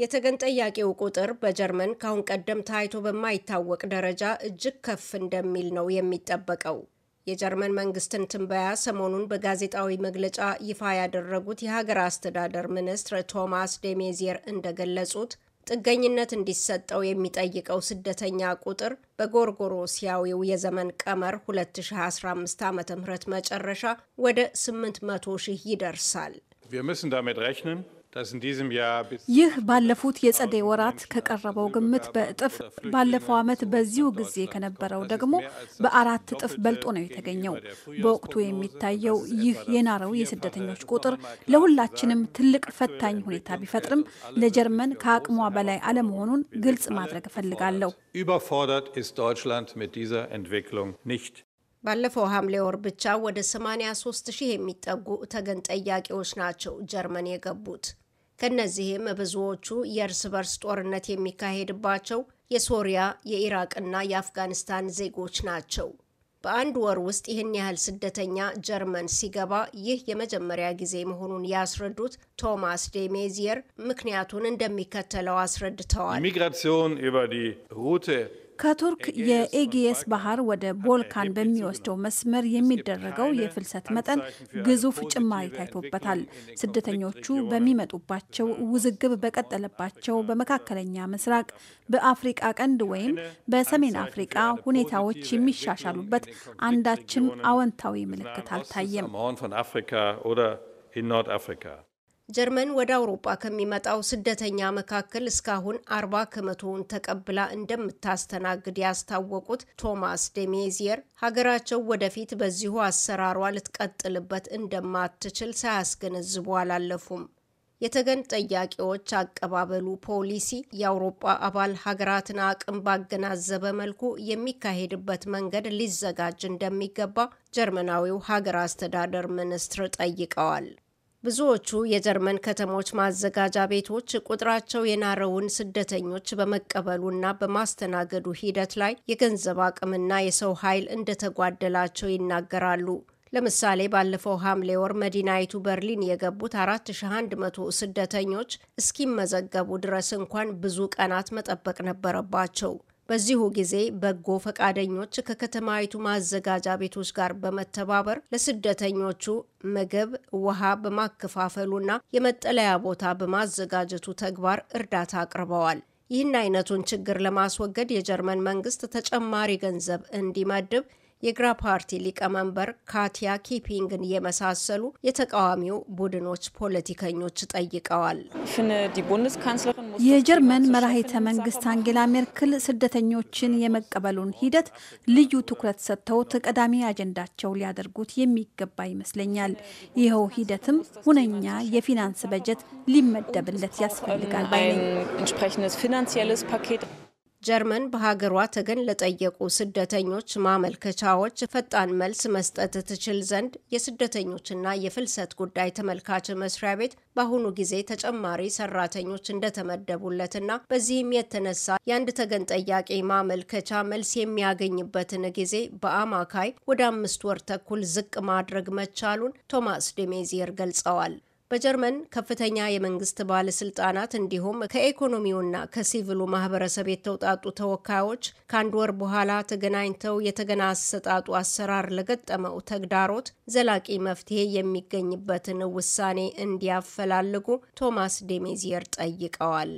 የተገን ጠያቂው ቁጥር በጀርመን ካሁን ቀደም ታይቶ በማይታወቅ ደረጃ እጅግ ከፍ እንደሚል ነው የሚጠበቀው። የጀርመን መንግስትን ትንበያ ሰሞኑን በጋዜጣዊ መግለጫ ይፋ ያደረጉት የሀገር አስተዳደር ሚኒስትር ቶማስ ዴሜዚየር እንደገለጹት ጥገኝነት እንዲሰጠው የሚጠይቀው ስደተኛ ቁጥር በጎርጎሮሲያዊው የዘመን ቀመር 2015 ዓ ም መጨረሻ ወደ 800 ሺህ ይደርሳል። ይህ ባለፉት የጸደይ ወራት ከቀረበው ግምት በእጥፍ ባለፈው ዓመት በዚሁ ጊዜ ከነበረው ደግሞ በአራት እጥፍ በልጦ ነው የተገኘው። በወቅቱ የሚታየው ይህ የናረው የስደተኞች ቁጥር ለሁላችንም ትልቅ ፈታኝ ሁኔታ ቢፈጥርም ለጀርመን ከአቅሟ በላይ አለመሆኑን ግልጽ ማድረግ እፈልጋለሁ። ባለፈው ሐምሌ ወር ብቻ ወደ 83 ሺህ የሚጠጉ ተገን ጠያቂዎች ናቸው ጀርመን የገቡት። ከነዚህም ብዙዎቹ የእርስ በርስ ጦርነት የሚካሄድባቸው የሶሪያ የኢራቅና የአፍጋኒስታን ዜጎች ናቸው። በአንድ ወር ውስጥ ይህን ያህል ስደተኛ ጀርመን ሲገባ ይህ የመጀመሪያ ጊዜ መሆኑን ያስረዱት ቶማስ ዴሜዚየር ምክንያቱን እንደሚከተለው አስረድተዋል። ሚግራሲዮን ከቱርክ የኤጊየስ ባህር ወደ ቦልካን በሚወስደው መስመር የሚደረገው የፍልሰት መጠን ግዙፍ ጭማሪ ታይቶበታል። ስደተኞቹ በሚመጡባቸው ውዝግብ በቀጠለባቸው በመካከለኛ ምስራቅ፣ በአፍሪቃ ቀንድ ወይም በሰሜን አፍሪቃ ሁኔታዎች የሚሻሻሉበት አንዳችም አወንታዊ ምልክት አልታየም። ጀርመን ወደ አውሮጳ ከሚመጣው ስደተኛ መካከል እስካሁን አርባ ከመቶውን ተቀብላ እንደምታስተናግድ ያስታወቁት ቶማስ ደሜዚየር ሀገራቸው ወደፊት በዚሁ አሰራሯ ልትቀጥልበት እንደማትችል ሳያስገነዝቡ አላለፉም። የተገን ጠያቂዎች አቀባበሉ ፖሊሲ የአውሮጳ አባል ሀገራትን አቅም ባገናዘበ መልኩ የሚካሄድበት መንገድ ሊዘጋጅ እንደሚገባ ጀርመናዊው ሀገር አስተዳደር ሚኒስትር ጠይቀዋል። ብዙዎቹ የጀርመን ከተሞች ማዘጋጃ ቤቶች ቁጥራቸው የናረውን ስደተኞች በመቀበሉና በማስተናገዱ ሂደት ላይ የገንዘብ አቅምና የሰው ኃይል እንደተጓደላቸው ይናገራሉ። ለምሳሌ ባለፈው ሐምሌ ወር መዲናይቱ በርሊን የገቡት 4100 ስደተኞች እስኪመዘገቡ ድረስ እንኳን ብዙ ቀናት መጠበቅ ነበረባቸው። በዚሁ ጊዜ በጎ ፈቃደኞች ከከተማይቱ ማዘጋጃ ቤቶች ጋር በመተባበር ለስደተኞቹ ምግብ፣ ውሃ በማከፋፈሉና የመጠለያ ቦታ በማዘጋጀቱ ተግባር እርዳታ አቅርበዋል። ይህን አይነቱን ችግር ለማስወገድ የጀርመን መንግስት ተጨማሪ ገንዘብ እንዲመድብ የግራ ፓርቲ ሊቀመንበር ካቲያ ኪፒንግን የመሳሰሉ የተቃዋሚው ቡድኖች ፖለቲከኞች ጠይቀዋል። የጀርመን መራሄተ መንግስት አንጌላ ሜርክል ስደተኞችን የመቀበሉን ሂደት ልዩ ትኩረት ሰጥተውት ቀዳሚ አጀንዳቸው ሊያደርጉት የሚገባ ይመስለኛል። ይኸው ሂደትም ሁነኛ የፊናንስ በጀት ሊመደብለት ያስፈልጋል ባይ ጀርመን በሀገሯ ተገን ለጠየቁ ስደተኞች ማመልከቻዎች ፈጣን መልስ መስጠት ትችል ዘንድ የስደተኞችና የፍልሰት ጉዳይ ተመልካች መስሪያ ቤት በአሁኑ ጊዜ ተጨማሪ ሰራተኞች እንደተመደቡለትና በዚህም የተነሳ የአንድ ተገን ጠያቂ ማመልከቻ መልስ የሚያገኝበትን ጊዜ በአማካይ ወደ አምስት ወር ተኩል ዝቅ ማድረግ መቻሉን ቶማስ ዴሜዚየር ገልጸዋል። በጀርመን ከፍተኛ የመንግስት ባለስልጣናት እንዲሁም ከኢኮኖሚውና ከሲቪሉ ማህበረሰብ የተውጣጡ ተወካዮች ከአንድ ወር በኋላ ተገናኝተው የተገና አሰጣጡ አሰራር ለገጠመው ተግዳሮት ዘላቂ መፍትሄ የሚገኝበትን ውሳኔ እንዲያፈላልጉ ቶማስ ዴሜዚየር ጠይቀዋል።